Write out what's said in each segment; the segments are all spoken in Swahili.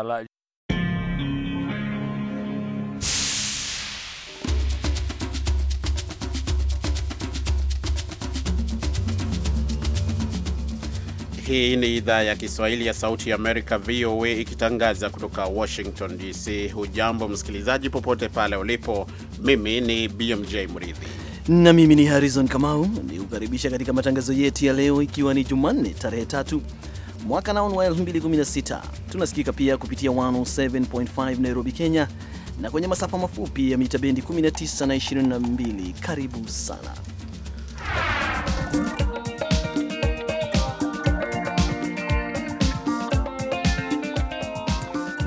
là. Hii ni idhaa ya Kiswahili ya Sauti ya Amerika, VOA, ikitangaza kutoka Washington DC. Hujambo msikilizaji, popote pale ulipo. Mimi ni BMJ Mridhi na mimi ni Harrison Kamau, ni kukaribisha katika matangazo yetu ya leo, ikiwa ni Jumanne tarehe tatu mwaka ni wa 2016. Tunasikika pia kupitia 107.5 Nairobi, Kenya, na kwenye masafa mafupi ya mita bendi 19 na 22. Karibu sana.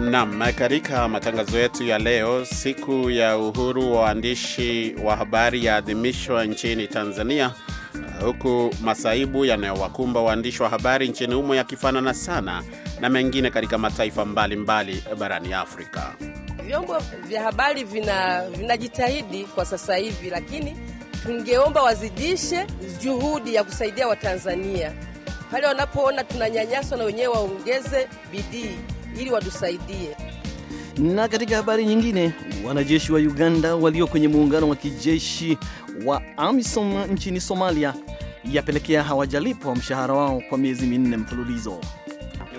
nam katika matangazo yetu ya leo, siku ya uhuru wa waandishi wa habari yaadhimishwa nchini Tanzania huku masaibu yanayowakumba waandishi wa habari nchini humo yakifanana sana na mengine katika mataifa mbalimbali mbali barani Afrika. Vyombo vya habari vinajitahidi vina kwa sasa hivi, lakini tungeomba wazidishe juhudi ya kusaidia Watanzania pale wanapoona tunanyanyaswa, na wenyewe waongeze bidii ili watusaidie. Na katika habari nyingine, Wanajeshi wa Uganda walio kwenye muungano wa kijeshi wa AMISOM nchini Somalia yapelekea hawajalipwa mshahara wao kwa miezi minne mfululizo.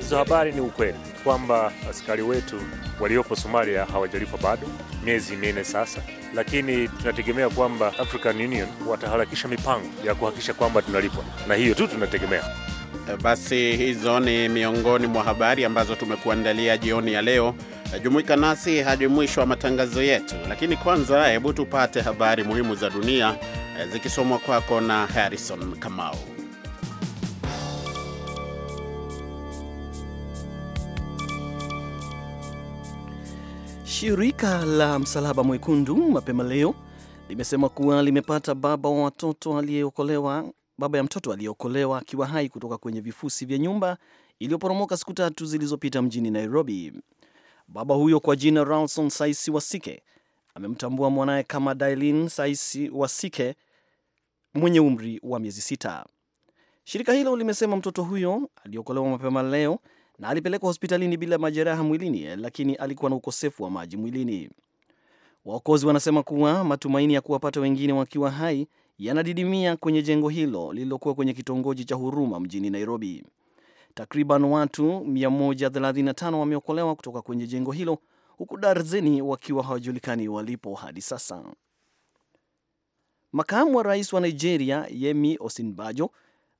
Hizo habari ni ukweli kwamba askari wetu waliopo Somalia hawajalipwa bado miezi minne sasa, lakini tunategemea kwamba African Union wataharakisha mipango ya kuhakikisha kwamba tunalipwa, na hiyo tu tunategemea. Basi hizo ni miongoni mwa habari ambazo tumekuandalia jioni ya leo. Jumuika nasi hadi mwisho wa matangazo yetu, lakini kwanza, hebu tupate habari muhimu za dunia eh, zikisomwa kwako na Harrison Kamau. Shirika la Msalaba Mwekundu mapema leo limesema kuwa limepata baba wa watoto aliyeokolewa baba ya mtoto aliyeokolewa akiwa hai kutoka kwenye vifusi vya nyumba iliyoporomoka siku tatu zilizopita mjini Nairobi. Baba huyo kwa jina ralson Saisi Wasike amemtambua mwanaye kama Dailin Saisi Wasike mwenye umri wa miezi sita. Shirika hilo limesema mtoto huyo aliokolewa mapema leo na alipelekwa hospitalini bila majeraha mwilini, lakini alikuwa na ukosefu wa maji mwilini. Waokozi wanasema kuwa matumaini ya kuwapata wengine wakiwa hai yanadidimia kwenye jengo hilo lililokuwa kwenye kitongoji cha Huruma mjini Nairobi. Takriban watu 135 wameokolewa kutoka kwenye jengo hilo huku darzeni wakiwa hawajulikani walipo hadi sasa. Makamu wa rais wa Nigeria Yemi Osinbajo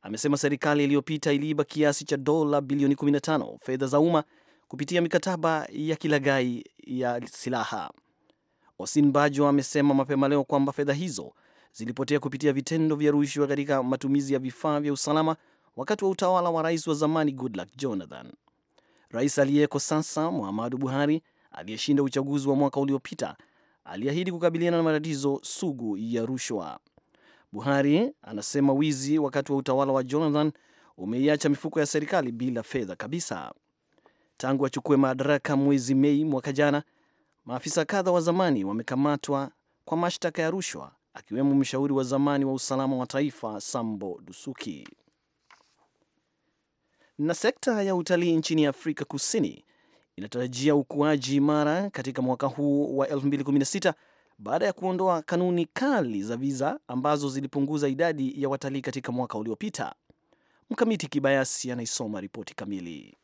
amesema serikali iliyopita iliiba kiasi cha dola bilioni 15 fedha za umma kupitia mikataba ya kilagai ya silaha. Osinbajo amesema mapema leo kwamba fedha hizo zilipotea kupitia vitendo vya rushwa katika matumizi ya vifaa vya usalama wakati wa utawala wa rais wa zamani Goodluck Jonathan. Rais aliyeko sasa Muhammadu Buhari, aliyeshinda uchaguzi wa mwaka uliopita, aliahidi kukabiliana na matatizo sugu ya rushwa. Buhari anasema wizi wakati wa utawala wa Jonathan umeiacha mifuko ya serikali bila fedha kabisa. Tangu achukue madaraka mwezi Mei mwaka jana, maafisa kadha wa zamani wamekamatwa kwa mashtaka ya rushwa, akiwemo mshauri wa zamani wa usalama wa taifa Sambo Dusuki. Na sekta ya utalii nchini Afrika Kusini inatarajia ukuaji imara katika mwaka huu wa 2016 baada ya kuondoa kanuni kali za viza ambazo zilipunguza idadi ya watalii katika mwaka uliopita. Mkamiti Kibayasi anaisoma ripoti kamili.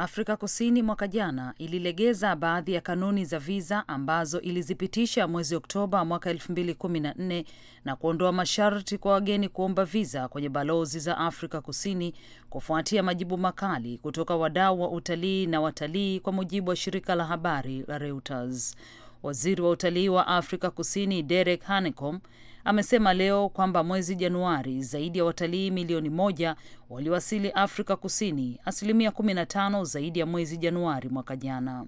Afrika Kusini mwaka jana ililegeza baadhi ya kanuni za viza ambazo ilizipitisha mwezi Oktoba mwaka 2014 na kuondoa masharti kwa wageni kuomba viza kwenye balozi za Afrika Kusini kufuatia majibu makali kutoka wadau wa utalii na watalii, kwa mujibu wa shirika la habari la Reuters. Waziri wa utalii wa Afrika Kusini Derek Hanekom amesema leo kwamba mwezi Januari zaidi ya watalii milioni moja waliwasili Afrika Kusini, asilimia 15 zaidi ya mwezi Januari mwaka jana.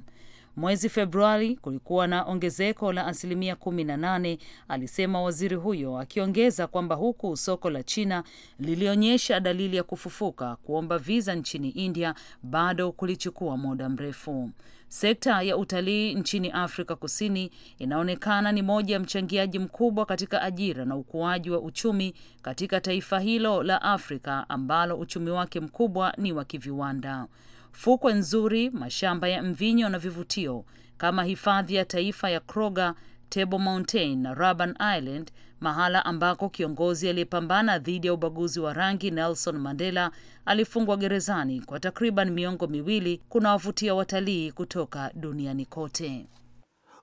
Mwezi Februari kulikuwa na ongezeko la asilimia 18, alisema waziri huyo, akiongeza kwamba huku soko la China lilionyesha dalili ya kufufuka, kuomba viza nchini India bado kulichukua muda mrefu. Sekta ya utalii nchini Afrika Kusini inaonekana ni moja ya mchangiaji mkubwa katika ajira na ukuaji wa uchumi katika taifa hilo la Afrika ambalo uchumi wake mkubwa ni wa kiviwanda fukwe nzuri, mashamba ya mvinyo na vivutio kama hifadhi ya taifa ya Kruger, Table Mountain na raban Island, mahala ambako kiongozi aliyepambana dhidi ya ubaguzi wa rangi Nelson Mandela alifungwa gerezani kwa takriban miongo miwili, kunawavutia watalii kutoka duniani kote.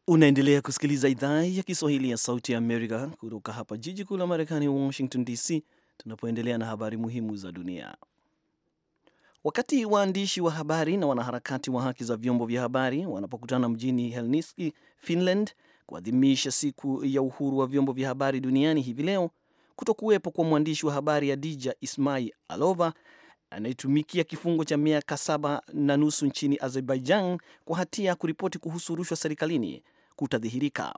Unaendelea kusikiliza idhaa ya Kiswahili ya Sauti ya Amerika kutoka hapa jiji kuu la Marekani, Washington DC, tunapoendelea na habari muhimu za dunia. Wakati waandishi wa habari na wanaharakati wa haki za vyombo vya habari wanapokutana mjini Helsinki, Finland, kuadhimisha siku ya uhuru wa vyombo vya habari duniani hivi leo, kutokuwepo kwa mwandishi wa habari adija ismai Alova anayetumikia kifungo cha miaka saba na nusu nchini Azerbaijan kwa hatia ya kuripoti kuhusu rushwa serikalini kutadhihirika.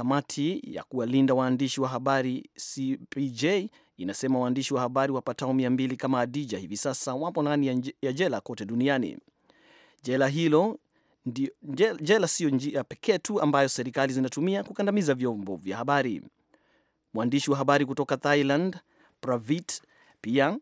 Kamati ya kuwalinda waandishi wa habari CPJ inasema waandishi wa habari wapatao 200 kama Adija hivi sasa wapo ndani ya jela kote duniani. Jela hilo ndi, jela siyo njia pekee tu ambayo serikali zinatumia kukandamiza vyombo vya habari. Mwandishi wa habari kutoka Thailand Pravit pia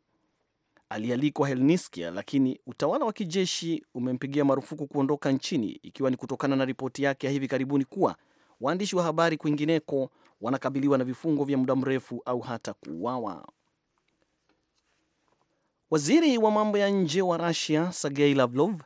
alialikwa Helsinki, lakini utawala wa kijeshi umempigia marufuku kuondoka nchini, ikiwa ni kutokana na ripoti yake ya hivi karibuni kuwa waandishi wa habari kwingineko wanakabiliwa na vifungo vya muda mrefu au hata kuuawa. Waziri wa mambo ya nje wa Rusia Sergei Lavrov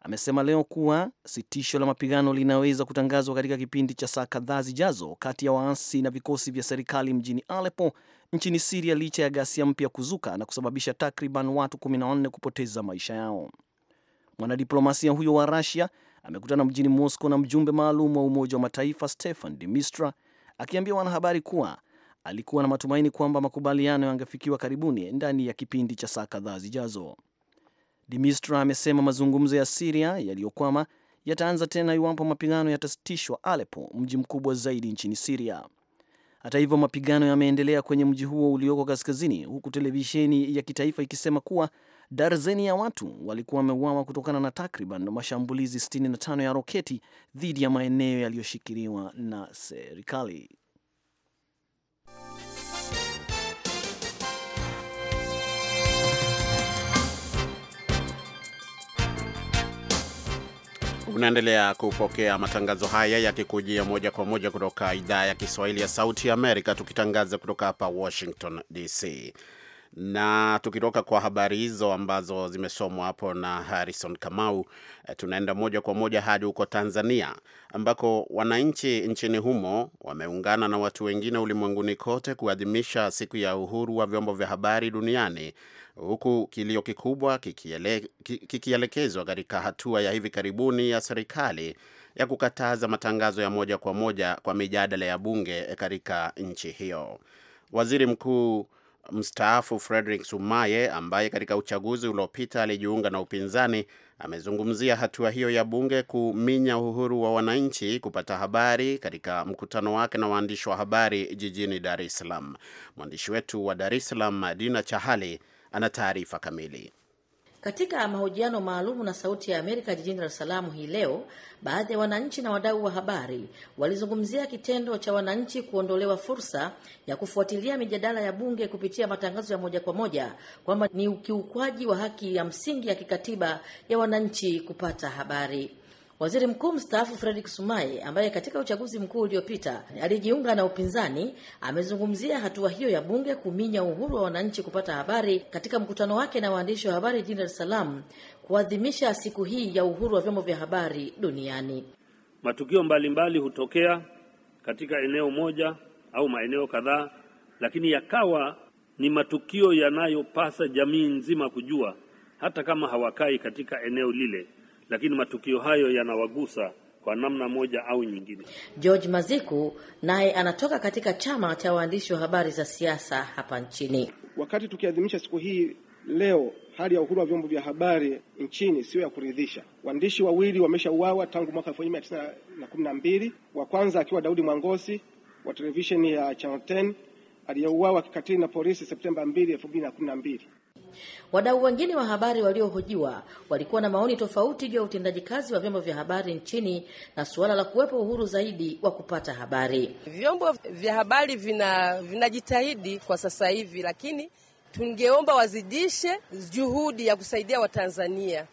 amesema leo kuwa sitisho la mapigano linaweza kutangazwa katika kipindi cha saa kadhaa zijazo kati ya waasi na vikosi vya serikali mjini Aleppo nchini Siria, licha ya ghasia mpya kuzuka na kusababisha takriban watu 14 kupoteza maisha yao. Mwanadiplomasia huyo wa Rusia amekutana mjini Moscow na mjumbe maalum wa Umoja wa Mataifa Stefan de Mistra, akiambia wanahabari kuwa alikuwa na matumaini kwamba makubaliano yangefikiwa karibuni ndani ya kipindi cha saa kadhaa zijazo. De Mistra amesema mazungumzo ya Siria yaliyokwama yataanza tena iwapo mapigano yatasitishwa alepo mji mkubwa zaidi nchini Siria. Hata hivyo, mapigano yameendelea kwenye mji huo ulioko kaskazini, huku televisheni ya kitaifa ikisema kuwa Darzeni ya watu walikuwa wameuawa kutokana na takriban mashambulizi 65 ya roketi dhidi ya maeneo yaliyoshikiliwa na serikali. Unaendelea kupokea matangazo haya yakikujia moja kwa moja kutoka idhaa ya Kiswahili ya Sauti ya Amerika, tukitangaza kutoka hapa Washington DC. Na tukitoka kwa habari hizo ambazo zimesomwa hapo na Harrison Kamau, eh, tunaenda moja kwa moja hadi huko Tanzania ambako wananchi nchini humo wameungana na watu wengine ulimwenguni kote kuadhimisha siku ya uhuru wa vyombo vya habari duniani huku kilio kikubwa kikielekezwa katika hatua ya hivi karibuni ya serikali ya kukataza matangazo ya moja kwa moja kwa mijadala ya bunge eh, katika nchi hiyo. Waziri Mkuu mstaafu Frederick Sumaye ambaye katika uchaguzi uliopita alijiunga na upinzani amezungumzia hatua hiyo ya bunge kuminya uhuru wa wananchi kupata habari katika mkutano wake na waandishi wa habari jijini Dar es Salaam. Mwandishi wetu wa Dar es Salaam Dina Chahali ana taarifa kamili. Katika mahojiano maalumu na Sauti ya Amerika jijini Dar es Salaam hii leo, baadhi ya wananchi na wadau wa habari walizungumzia kitendo cha wananchi kuondolewa fursa ya kufuatilia mijadala ya Bunge kupitia matangazo ya moja kwa moja kwamba ni ukiukwaji wa haki ya msingi ya kikatiba ya wananchi kupata habari. Waziri mkuu mstaafu Fredrick Sumaye ambaye katika uchaguzi mkuu uliopita alijiunga na upinzani amezungumzia hatua hiyo ya bunge kuminya uhuru wa wananchi kupata habari katika mkutano wake na waandishi wa habari jijini Dar es Salaam kuadhimisha siku hii ya uhuru wa vyombo vya habari duniani. Matukio mbalimbali mbali hutokea katika eneo moja au maeneo kadhaa, lakini yakawa ni matukio yanayopasa jamii nzima kujua, hata kama hawakai katika eneo lile lakini matukio hayo yanawagusa kwa namna moja au nyingine. George Maziku naye anatoka katika chama cha waandishi wa habari za siasa hapa nchini. Wakati tukiadhimisha siku hii leo, hali ya uhuru wa vyombo vya habari nchini sio ya kuridhisha. Waandishi wawili wameshauawa tangu mwaka 1912 wa kwanza akiwa Daudi Mwangosi wa televisheni ya Channel 10 aliyeuawa kikatili na polisi Septemba 2, 2012. Wadau wengine wa habari waliohojiwa walikuwa na maoni tofauti juu ya utendaji kazi wa vyombo vya habari nchini na suala la kuwepo uhuru zaidi wa kupata habari. Vyombo vya habari vina vinajitahidi kwa sasa hivi, lakini tungeomba wazidishe juhudi ya kusaidia Watanzania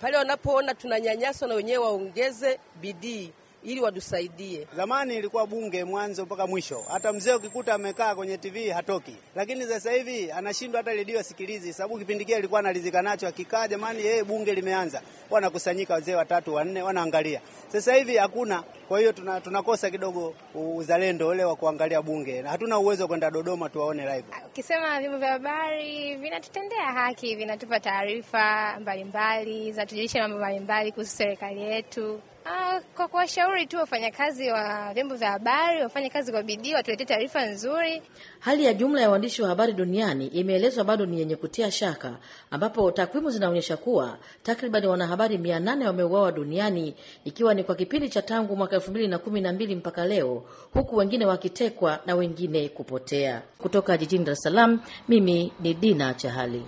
pale wanapoona tunanyanyaswa, na wenyewe waongeze bidii ili watusaidie. Zamani ilikuwa bunge mwanzo mpaka mwisho, hata mzee ukikuta amekaa kwenye TV hatoki, lakini sasa hivi anashindwa hata redio sikilizi, sababu kipindi kile alikuwa analizika nacho, akikaa jamani, yeye bunge limeanza, wanakusanyika wazee watatu wanne, wanaangalia. Sasa hivi hakuna. Kwa hiyo tuna, tunakosa kidogo uzalendo ule wa kuangalia bunge, na hatuna uwezo wa kwenda Dodoma tuwaone live. Ukisema vyombo vya habari vinatutendea haki, vinatupa taarifa mbalimbali, zinatujulisha mambo mbalimbali kuhusu serikali yetu. Ah, kwa kuwashauri tu wafanyakazi wa vyombo vya habari wafanye kazi kwa bidii, watuletee taarifa nzuri. Hali ya jumla ya waandishi wa habari duniani imeelezwa bado ni yenye kutia shaka, ambapo takwimu zinaonyesha kuwa takriban wanahabari mia nane wameuawa duniani ikiwa ni kwa kipindi cha tangu mwaka elfu mbili na kumi na mbili mpaka leo, huku wengine wakitekwa na wengine kupotea. Kutoka jijini Dar es Salaam, mimi ni Dina Chahali.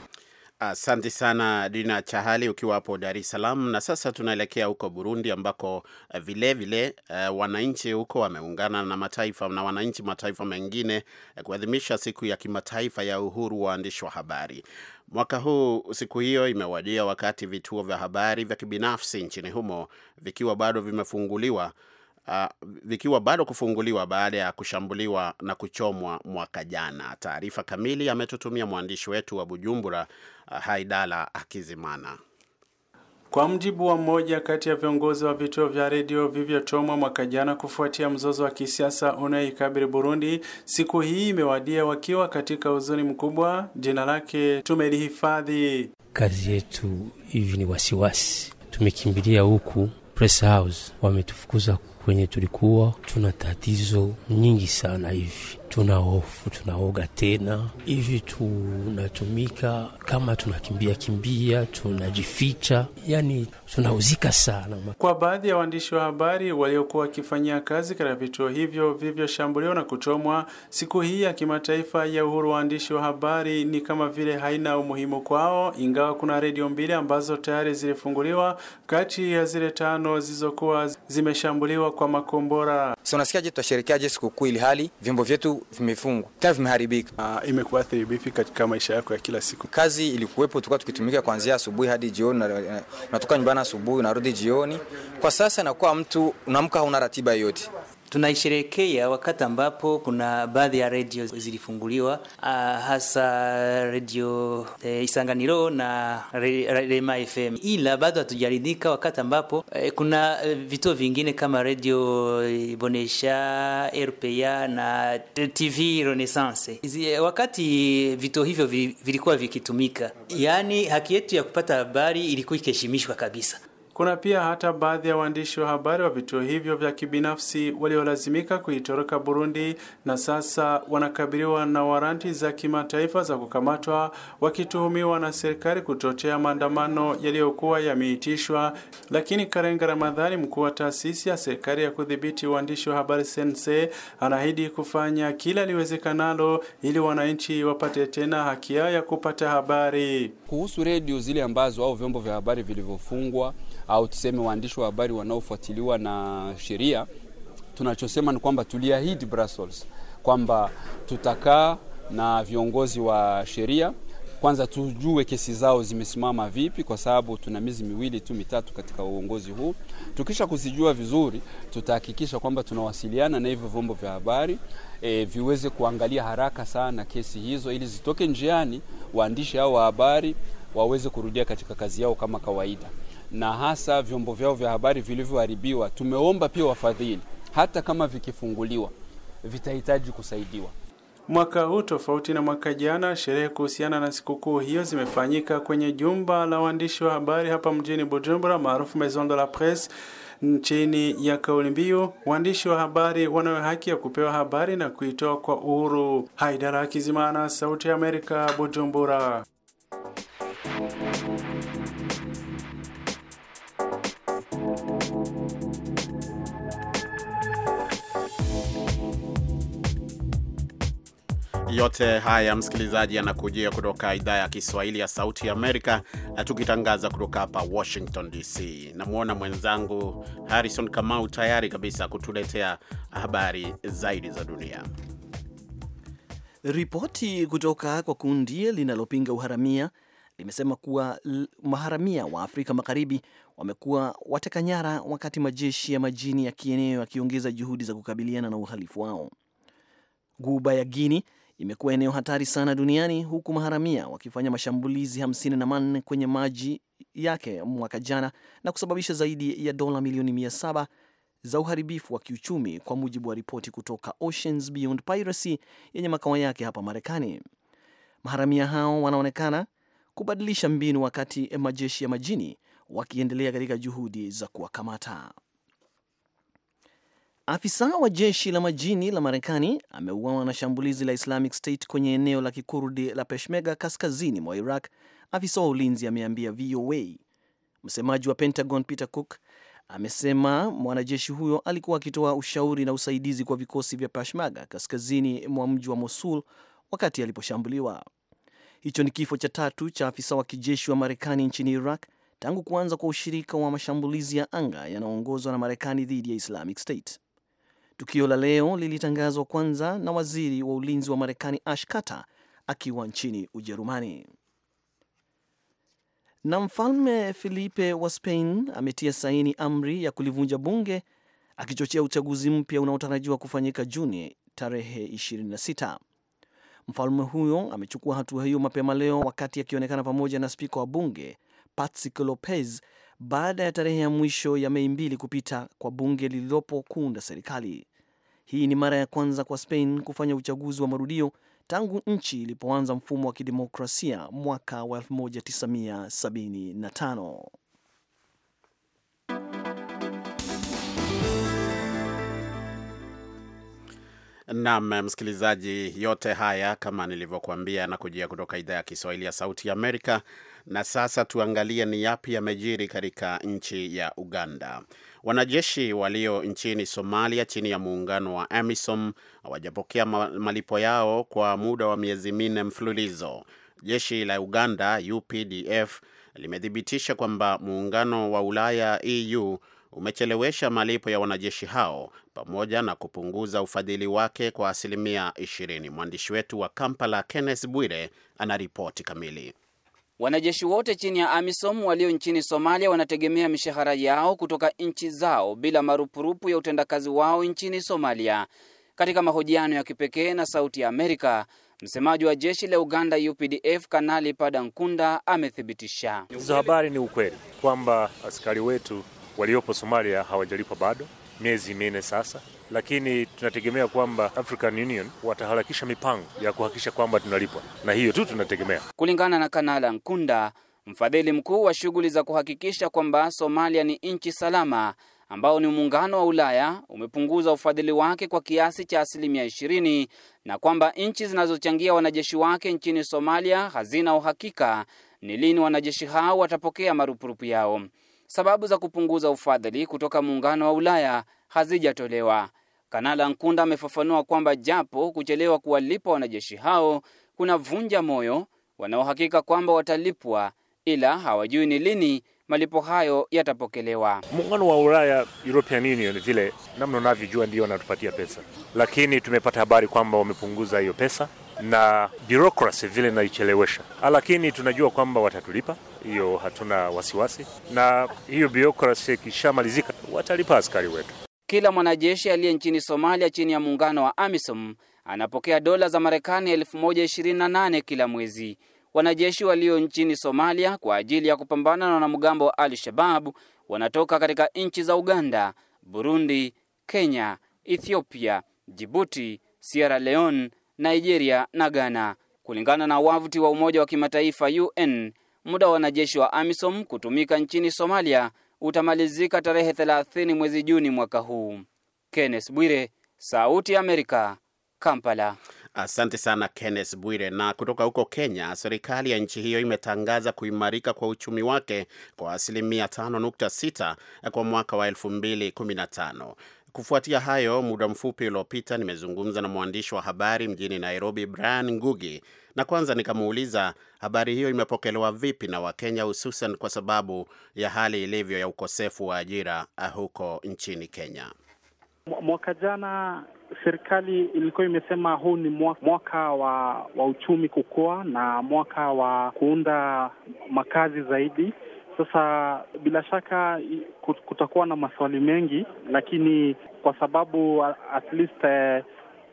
Asante sana Dina Chahali ukiwa hapo Dar es Salaam. Na sasa tunaelekea huko Burundi ambako vilevile eh, vile, uh, wananchi huko wameungana na mataifa na wananchi mataifa mengine uh, kuadhimisha siku ya kimataifa ya uhuru wa waandishi wa habari. Mwaka huu siku hiyo imewadia wakati vituo vya habari vya kibinafsi nchini humo vikiwa bado vimefunguliwa uh, vikiwa bado kufunguliwa baada ya kushambuliwa na kuchomwa mwaka jana. Taarifa kamili ametutumia mwandishi wetu wa Bujumbura, uh, Haidala Akizimana. Kwa mjibu wa mmoja kati ya viongozi wa vituo vya redio vilivyochomwa mwaka jana kufuatia mzozo wa kisiasa unayoikabili Burundi, siku hii imewadia wakiwa katika huzuni mkubwa. Jina lake tumelihifadhi. Kazi yetu hivi ni wasiwasi, tumekimbilia huku press house, wametufukuza kwenye tulikuwa tuna tatizo nyingi sana hivi tuna hofu, tunaoga tena hivi, tunatumika kama tunakimbia kimbia, tunajificha, yani tunahuzika sana. Kwa baadhi ya waandishi wa habari waliokuwa wakifanyia kazi katika vituo hivyo vilivyoshambuliwa na kuchomwa, siku hii ya kimataifa ya uhuru wa waandishi wa habari ni kama vile haina umuhimu kwao, ingawa kuna redio mbili ambazo tayari zilifunguliwa kati ya zile tano zilizokuwa zimeshambuliwa kwa makombora. So unasikiaje, tutasherekeaje sikukuu ili hali vyombo vyetu vimefungwa tena vimeharibika? Uh, imekuathiri vipi katika maisha yako ya kila siku? Kazi ilikuwepo, tulikuwa tukitumika kuanzia asubuhi hadi jioni, unatoka nyumbani asubuhi, unarudi jioni. Kwa sasa inakuwa mtu unaamka, hauna ratiba yoyote tunaisherekea wakati ambapo kuna baadhi ya redio zilifunguliwa, ah, hasa redio eh, Isanganiro na Rema re, FM, ila bado hatujaridhika wakati ambapo eh, kuna eh, vituo vingine kama redio eh, Bonesha, RPA na TV Renaissance. Eh, wakati vituo hivyo vilikuwa vikitumika, yaani haki yetu ya kupata habari ilikuwa ikiheshimishwa kabisa. Kuna pia hata baadhi ya waandishi wa habari wa vituo hivyo vya kibinafsi waliolazimika kuitoroka Burundi na sasa wanakabiliwa na waranti za kimataifa za kukamatwa wakituhumiwa na serikali kuchochea maandamano yaliyokuwa yameitishwa. Lakini Karenga Ramadhani, mkuu wa taasisi ya serikali ya kudhibiti waandishi wa habari Sense, anaahidi kufanya kila liwezekanalo ili wananchi wapate tena haki yao ya kupata habari. Kuhusu redio zile ambazo au vyombo vya habari vilivyofungwa au tuseme waandishi wa habari wanaofuatiliwa na sheria, tunachosema ni kwamba tuliahidi Brussels kwamba tutakaa na viongozi wa sheria kwanza tujue kesi zao zimesimama vipi, kwa sababu tuna miezi miwili tu mitatu katika uongozi huu. Tukisha kuzijua vizuri, tutahakikisha kwamba tunawasiliana na hivyo vyombo vya habari e, viweze kuangalia haraka sana kesi hizo ili zitoke njiani, waandishi hao wa habari waweze kurudia katika kazi yao kama kawaida na hasa vyombo vyao vya habari vilivyoharibiwa. Tumeomba pia wafadhili, hata kama vikifunguliwa vitahitaji kusaidiwa. Mwaka huu tofauti na mwaka jana, sherehe kuhusiana na sikukuu hiyo zimefanyika kwenye jumba la waandishi wa habari hapa mjini Bujumbura, maarufu Maison de la Presse. Chini ya kauli mbiu waandishi wa habari wanayo haki ya kupewa habari na kuitoa kwa uhuru. Haidara Kizimana, Sauti ya Amerika, Bujumbura. Yote haya msikilizaji, yanakujia kutoka idhaa ya Kiswahili ya Sauti ya Amerika, eh, tukitangaza kutoka hapa Washington DC. Namwona mwenzangu Harrison Kamau tayari kabisa kutuletea habari zaidi za dunia. Ripoti kutoka kwa kundi linalopinga uharamia limesema kuwa maharamia wa Afrika Magharibi wamekuwa watekanyara, wakati majeshi ya majini ya kieneo yakiongeza juhudi za kukabiliana na uhalifu wao. Guba ya Guini imekuwa eneo hatari sana duniani huku maharamia wakifanya mashambulizi 54 kwenye maji yake mwaka jana na kusababisha zaidi ya dola milioni 700 za uharibifu wa kiuchumi kwa mujibu wa ripoti kutoka Oceans Beyond Piracy yenye makao yake hapa Marekani. Maharamia hao wanaonekana kubadilisha mbinu wakati majeshi ya majini wakiendelea katika juhudi za kuwakamata. Afisa wa jeshi la majini la Marekani ameuawa na shambulizi la Islamic State kwenye eneo la kikurdi la Peshmerga kaskazini mwa Iraq, afisa wa ulinzi ameambia VOA. Msemaji wa Pentagon Peter Cook amesema mwanajeshi huyo alikuwa akitoa ushauri na usaidizi kwa vikosi vya Peshmerga kaskazini mwa mji wa Mosul wakati aliposhambuliwa. Hicho ni kifo cha tatu cha afisa wa kijeshi wa Marekani nchini Iraq tangu kuanza kwa ushirika wa mashambulizi ya anga yanayoongozwa na Marekani dhidi ya Islamic State. Tukio la leo lilitangazwa kwanza na waziri wa ulinzi wa Marekani Ash Carter akiwa nchini Ujerumani. Na mfalme Felipe wa Spain ametia saini amri ya kulivunja bunge akichochea uchaguzi mpya unaotarajiwa kufanyika Juni tarehe 26. Mfalme huyo amechukua hatua hiyo mapema leo wakati akionekana pamoja na spika wa bunge Patsy Lopez baada ya tarehe ya mwisho ya Mei mbili kupita kwa bunge lililopo kuunda serikali. Hii ni mara ya kwanza kwa Spain kufanya uchaguzi wa marudio tangu nchi ilipoanza mfumo wa kidemokrasia mwaka wa 1975. Naam, msikilizaji, yote haya kama nilivyokuambia na kujia kutoka idhaa ya Kiswahili ya Sauti ya Amerika. Na sasa tuangalie ni yapi yamejiri katika nchi ya Uganda. Wanajeshi walio nchini Somalia chini ya muungano wa AMISOM hawajapokea malipo yao kwa muda wa miezi minne mfululizo. Jeshi la Uganda UPDF limethibitisha kwamba muungano wa Ulaya EU umechelewesha malipo ya wanajeshi hao pamoja na kupunguza ufadhili wake kwa asilimia 20. Mwandishi wetu wa Kampala Kenneth Bwire ana ripoti kamili. Wanajeshi wote chini ya AMISOM walio nchini Somalia wanategemea mishahara yao kutoka nchi zao bila marupurupu ya utendakazi wao nchini Somalia. Katika mahojiano ya kipekee na Sauti ya Amerika, msemaji wa jeshi la Uganda UPDF Kanali Pada Nkunda amethibitisha hizo habari. Ni ukweli kwamba askari wetu waliopo Somalia hawajalipwa bado miezi minne sasa, lakini tunategemea kwamba African Union wataharakisha mipango ya kuhakikisha kwamba tunalipwa, na hiyo tu tunategemea. Kulingana na Kanala Nkunda, mfadhili mkuu wa shughuli za kuhakikisha kwamba Somalia ni nchi salama, ambao ni muungano wa Ulaya umepunguza ufadhili wake kwa kiasi cha asilimia ishirini na kwamba nchi zinazochangia wanajeshi wake nchini Somalia hazina uhakika ni lini wanajeshi hao watapokea marupurupu yao. Sababu za kupunguza ufadhili kutoka muungano wa Ulaya hazijatolewa. Kanala Nkunda amefafanua kwamba japo kuchelewa kuwalipa wanajeshi hao kuna vunja moyo, wanaohakika kwamba watalipwa ila hawajui ni lini malipo hayo yatapokelewa. Muungano wa Ulaya, European Union, vile namna unavyojua, ndio wanatupatia pesa, lakini tumepata habari kwamba wamepunguza hiyo pesa na birokrasi vile naichelewesha, ah, lakini tunajua kwamba watatulipa, hiyo hatuna wasiwasi, na hiyo bureaucracy. ikishamalizika watalipa askari wetu. Kila mwanajeshi aliye nchini Somalia chini ya muungano wa AMISOM anapokea dola za Marekani 1028 kila mwezi wanajeshi walio nchini Somalia kwa ajili ya kupambana na wanamgambo wa Al Shababu wanatoka katika nchi za Uganda, Burundi, Kenya, Ethiopia, Jibuti, Sierra Leone, Nigeria na Ghana. Kulingana na wavuti wa Umoja wa Kimataifa UN, muda wa wanajeshi wa AMISOM kutumika nchini Somalia utamalizika tarehe 30 mwezi Juni mwaka huu. Kenneth Bwire, Sauti ya Amerika, Kampala. Asante sana Kenneth Bwire. Na kutoka huko Kenya, serikali ya nchi hiyo imetangaza kuimarika kwa uchumi wake kwa asilimia 5.6 kwa mwaka wa 2015. Kufuatia hayo, muda mfupi uliopita nimezungumza na mwandishi wa habari mjini Nairobi, Brian Ngugi, na kwanza nikamuuliza habari hiyo imepokelewa vipi na Wakenya, hususan kwa sababu ya hali ilivyo ya ukosefu wa ajira ah, huko nchini Kenya. Mwaka jana serikali ilikuwa imesema huu ni mwaka wa, wa uchumi kukua na mwaka wa kuunda makazi zaidi. Sasa bila shaka kutakuwa na maswali mengi, lakini kwa sababu at least eh,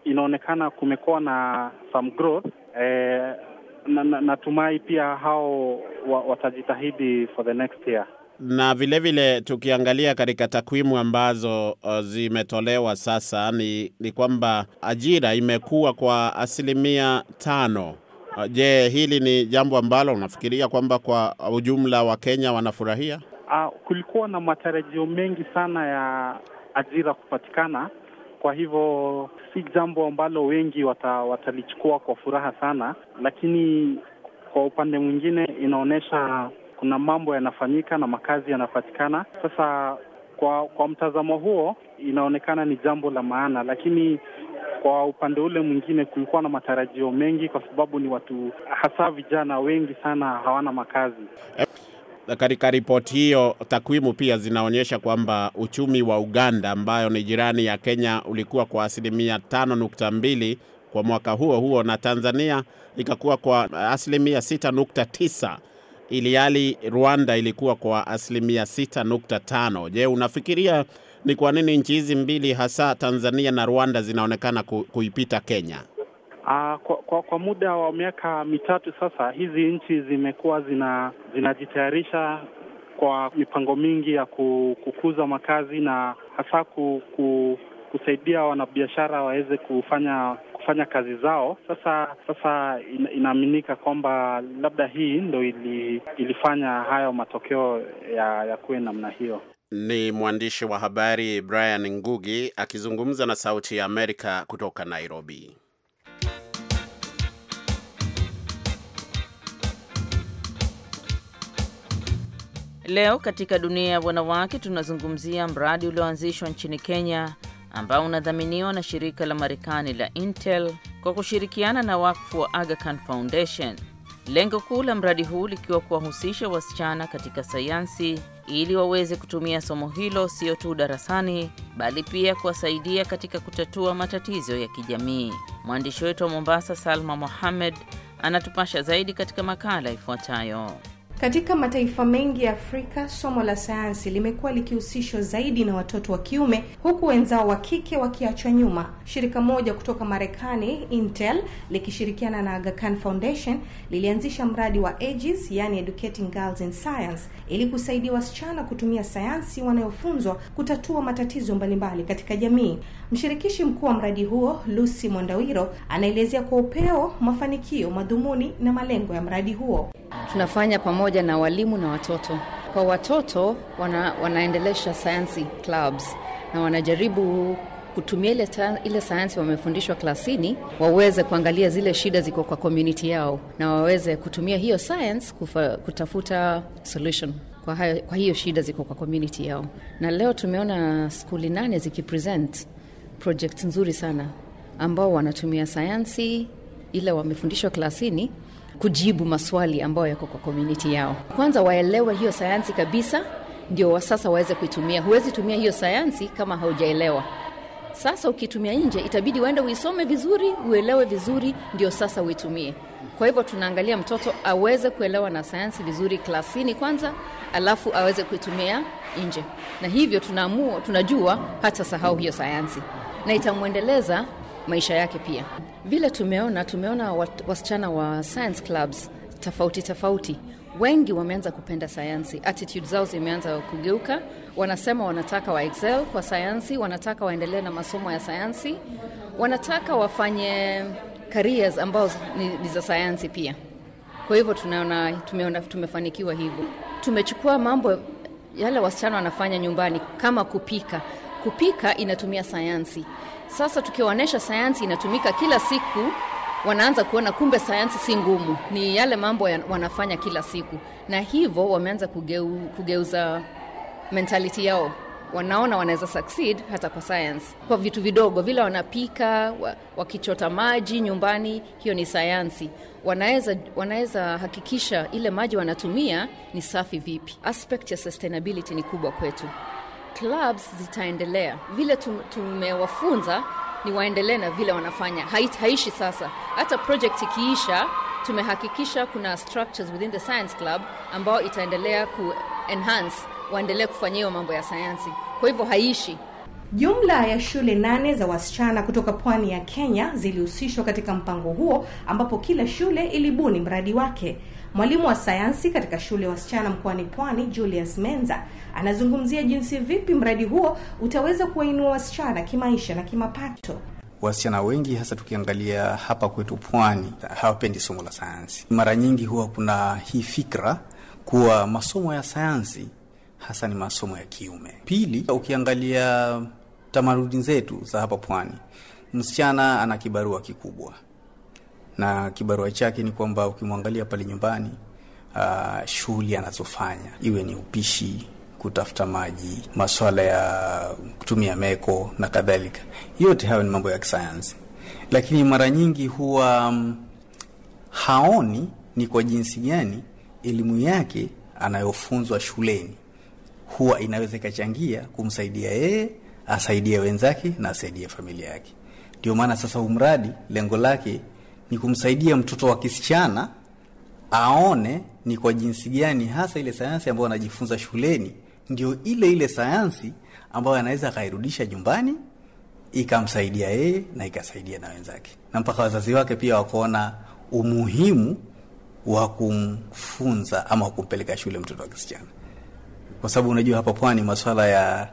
inaonekana kumekuwa na some growth eh, na, na, natumai pia hao watajitahidi for the next year na vilevile vile tukiangalia katika takwimu ambazo uh, zimetolewa sasa ni, ni kwamba ajira imekuwa kwa asilimia tano. Uh, je, hili ni jambo ambalo unafikiria kwamba kwa ujumla wa Kenya wanafurahia? Uh, kulikuwa na matarajio mengi sana ya ajira kupatikana, kwa hivyo si jambo ambalo wengi wata, watalichukua kwa furaha sana, lakini kwa upande mwingine inaonyesha kuna mambo yanafanyika na makazi yanapatikana. Sasa kwa, kwa mtazamo huo inaonekana ni jambo la maana, lakini kwa upande ule mwingine kulikuwa na matarajio mengi, kwa sababu ni watu hasa vijana wengi sana hawana makazi. Eh, katika ripoti hiyo, takwimu pia zinaonyesha kwamba uchumi wa Uganda ambayo ni jirani ya Kenya ulikuwa kwa asilimia tano nukta mbili kwa mwaka huo huo na Tanzania ikakuwa kwa asilimia sita nukta tisa ili hali Rwanda ilikuwa kwa asilimia 6.5. Je, unafikiria ni kwa nini nchi hizi mbili hasa Tanzania na Rwanda zinaonekana ku, kuipita Kenya? Aa, ah, kwa, kwa, kwa muda wa miaka mitatu sasa hizi nchi zimekuwa zina zinajitayarisha kwa mipango mingi ya kukuza makazi na hasa ku, ku, kusaidia wanabiashara waweze kufanya kufanya kazi zao. Sasa sasa in, inaaminika kwamba labda hii ndo ili, ilifanya hayo matokeo ya, ya kuwe namna hiyo. Ni mwandishi wa habari Brian Ngugi akizungumza na Sauti ya Amerika kutoka Nairobi. Leo katika dunia ya wanawake tunazungumzia mradi ulioanzishwa nchini Kenya ambao unadhaminiwa na shirika la Marekani la Intel kwa kushirikiana na wakfu wa Aga Khan Foundation. Lengo kuu la mradi huu likiwa kuwahusisha wasichana katika sayansi ili waweze kutumia somo hilo sio tu darasani bali pia kuwasaidia katika kutatua matatizo ya kijamii. Mwandishi wetu wa Mombasa Salma Mohamed anatupasha zaidi katika makala ifuatayo. Katika mataifa mengi ya Afrika, somo la sayansi limekuwa likihusishwa zaidi na watoto wa kiume huku wenzao wa kike wakiachwa nyuma. Shirika moja kutoka Marekani, Intel, likishirikiana na Aga Khan Foundation lilianzisha mradi wa AGES, yani Educating Girls in Science, ili kusaidia wasichana kutumia sayansi wanayofunzwa kutatua matatizo mbalimbali katika jamii. Mshirikishi mkuu wa mradi huo, Lucy mwandawiro anaelezea kwa upeo mafanikio, madhumuni na malengo ya mradi huo. Tunafanya pamoja pamoja na walimu na watoto. Kwa watoto wana, wanaendelesha sayansi clubs na wanajaribu kutumia ile, ile sayansi wamefundishwa klasini, waweze kuangalia zile shida ziko kwa community yao, na waweze kutumia hiyo science kufa, kutafuta solution kwa, hayo, kwa hiyo shida ziko kwa community yao. Na leo tumeona skuli nane zikipresent project nzuri sana ambao wanatumia sayansi ile wamefundishwa klasini kujibu maswali ambayo yako kwa komuniti yao. Kwanza waelewe hiyo sayansi kabisa, ndio wa sasa waweze kuitumia. Huwezi tumia hiyo sayansi kama haujaelewa. Sasa ukitumia nje, itabidi uende uisome vizuri, uelewe vizuri, ndio sasa uitumie. Kwa hivyo tunaangalia mtoto aweze kuelewa na sayansi vizuri klasini kwanza, alafu aweze kuitumia nje, na hivyo tunaamua, tunajua hata sahau hiyo sayansi na itamwendeleza maisha yake pia. Vile tumeona tumeona wat, wasichana wa science clubs tofauti tofauti wengi wameanza kupenda sayansi, attitude zao zimeanza kugeuka. Wanasema wanataka wa excel kwa sayansi, wanataka waendelee na masomo ya sayansi, wanataka wafanye careers ambazo ni, ni za sayansi pia. Kwa hivyo tunaona tumeona tumefanikiwa hivyo. Tumechukua mambo yale wasichana wanafanya nyumbani kama kupika, kupika inatumia sayansi. Sasa tukiwaonyesha sayansi inatumika kila siku, wanaanza kuona kumbe sayansi si ngumu, ni yale mambo ya wanafanya kila siku, na hivyo wameanza kugeu, kugeuza mentality yao wanaona wanaweza succeed hata kwa science, kwa vitu vidogo vile wanapika, wakichota maji nyumbani, hiyo ni sayansi. Wanaweza, wanaweza hakikisha ile maji wanatumia ni safi vipi. Aspect ya sustainability ni kubwa kwetu clubs zitaendelea vile tumewafunza ni waendelee na vile wanafanya haishi sasa hata project ikiisha tumehakikisha kuna structures within the science club ambao itaendelea ku enhance waendelee kufanya hiyo mambo ya sayansi kwa hivyo haishi Jumla ya shule nane za wasichana kutoka pwani ya Kenya zilihusishwa katika mpango huo ambapo kila shule ilibuni mradi wake. Mwalimu wa sayansi katika shule ya wasichana mkoani Pwani, Julius Menza, Anazungumzia jinsi vipi mradi huo utaweza kuwainua wasichana kimaisha na kimapato. Wasichana wengi hasa tukiangalia hapa kwetu pwani hawapendi somo la sayansi. Mara nyingi huwa kuna hii fikra kuwa masomo ya sayansi hasa ni masomo ya kiume. Pili, ukiangalia tamaduni zetu za hapa pwani, msichana ana kibarua kikubwa, na kibarua chake ni kwamba ukimwangalia pale nyumbani, uh, shughuli anazofanya iwe ni upishi kutafuta maji, maswala ya kutumia meko na kadhalika. Yote hayo ni mambo ya kisayansi, lakini mara nyingi huwa mm, haoni ni kwa jinsi gani elimu yake anayofunzwa shuleni huwa inaweza ikachangia kumsaidia yeye, asaidie wenzake na asaidie familia yake. Ndio maana sasa umradi lengo lake ni kumsaidia mtoto wa kisichana aone ni kwa jinsi gani hasa ile sayansi ambayo anajifunza shuleni ndio ile ile sayansi ambayo anaweza akairudisha nyumbani ikamsaidia yeye na ikasaidia na wenzake, na mpaka wazazi wake pia wakaona umuhimu wa kumfunza ama kumpeleka shule mtoto wa kisichana, kwa sababu unajua hapa pwani masuala ya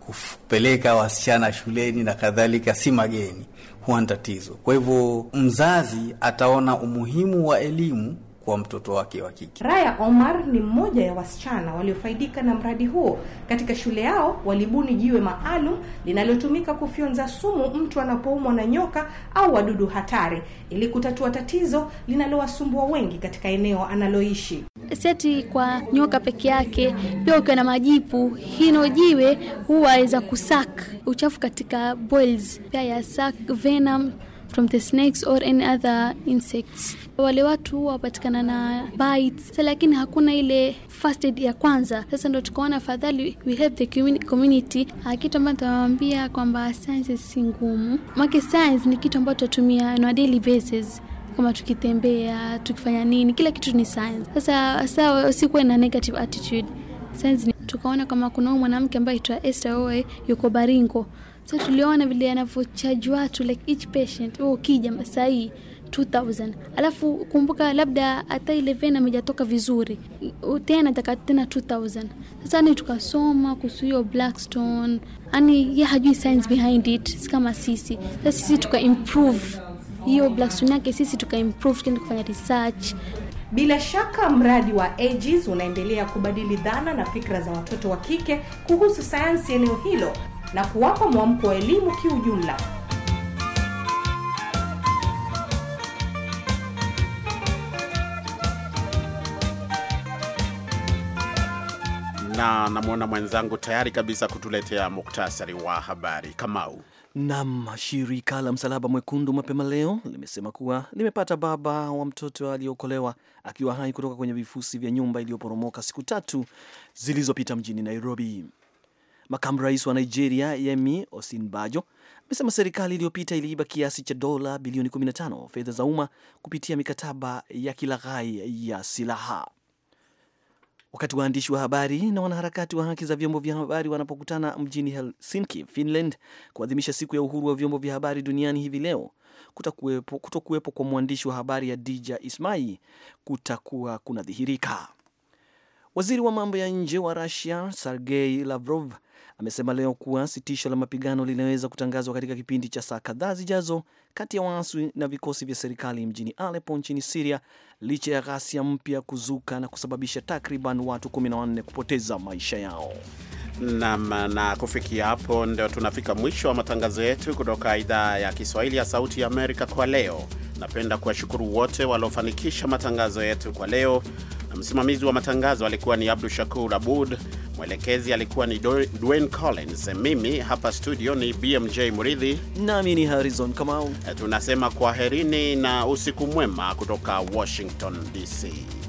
kupeleka wasichana shuleni na kadhalika si mageni, huwa ni tatizo. Kwa hivyo mzazi ataona umuhimu wa elimu kwa mtoto wake wa kike. Raya Omar ni mmoja ya wasichana waliofaidika na mradi huo. Katika shule yao walibuni jiwe maalum linalotumika kufyonza sumu mtu anapoumwa na nyoka au wadudu hatari ili kutatua tatizo linalowasumbua wengi katika eneo analoishi. seti kwa nyoka peke yake, pia ukiwa na majipu, hino jiwe huwa aweza kusak uchafu katika boils, pia ya sak venom from the snakes or any other insects wale watu huwa wapatikana na bites, lakini hakuna ile first aid ya kwanza. Sasa ndo tukaona afadhali we help the community. Ah, kitu ambayo nitawaambia kwamba science si ngumu, make science ni kitu ambayo tutatumia on a daily basis kama tukitembea, tukifanya nini, kila kitu ni science. Sasa sawa, usikuwe na negative attitude. Science ni tukaona kama kuna huyu mwanamke ambaye aitwa Esther Owe yuko Baringo. Sasa tuliona vile anavyochaji watu like each patient, wewe oh, ukija saa hii 2000 alafu kumbuka labda hata 11 amejatoka vizuri tena taka tena 2000 sasa ni tukasoma kuhusu hiyo blackstone ani ye hajui science behind it si kama sisi sasa sisi tuka improve hiyo blackstone yake sisi tuka improve tukaenda kufanya research bila shaka mradi wa AGES unaendelea kubadili dhana na fikra za watoto wa kike kuhusu sayansi eneo hilo na kuwapa mwamko wa elimu kiujumla na namwona mwenzangu tayari kabisa kutuletea muktasari wa habari. Kamau nam. Shirika la Msalaba Mwekundu mapema leo limesema kuwa limepata baba wa mtoto aliyeokolewa akiwa hai kutoka kwenye vifusi vya nyumba iliyoporomoka siku tatu zilizopita mjini Nairobi. Makamu rais wa Nigeria Yemi Osinbajo amesema serikali iliyopita iliiba kiasi cha dola bilioni 15 fedha za umma kupitia mikataba ya kilaghai ya silaha. Wakati waandishi wa habari na wanaharakati wa haki za vyombo vya habari wanapokutana mjini Helsinki, Finland, kuadhimisha siku ya uhuru wa vyombo vya habari duniani hivi leo, kutokuwepo kwa mwandishi wa habari ya Dija Ismai kutakuwa kunadhihirika. Waziri wa mambo ya nje wa Rusia Sergei Lavrov amesema leo kuwa sitisho la mapigano linaweza kutangazwa katika kipindi cha saa kadhaa zijazo kati ya waasi na vikosi vya serikali mjini Aleppo nchini Syria licha ya ghasia mpya kuzuka na kusababisha takriban watu 14 kupoteza maisha yao. Nam na kufikia hapo ndio tunafika mwisho wa matangazo yetu kutoka idhaa ya Kiswahili ya Sauti ya Amerika kwa leo. Napenda kuwashukuru wote waliofanikisha matangazo yetu kwa leo Msimamizi wa matangazo alikuwa ni Abdu Shakur Abud, mwelekezi alikuwa ni Dwayne Collins. Mimi hapa studio ni BMJ Muridhi nami ni Harrison Kamau. Tunasema kwaherini na usiku mwema kutoka Washington DC.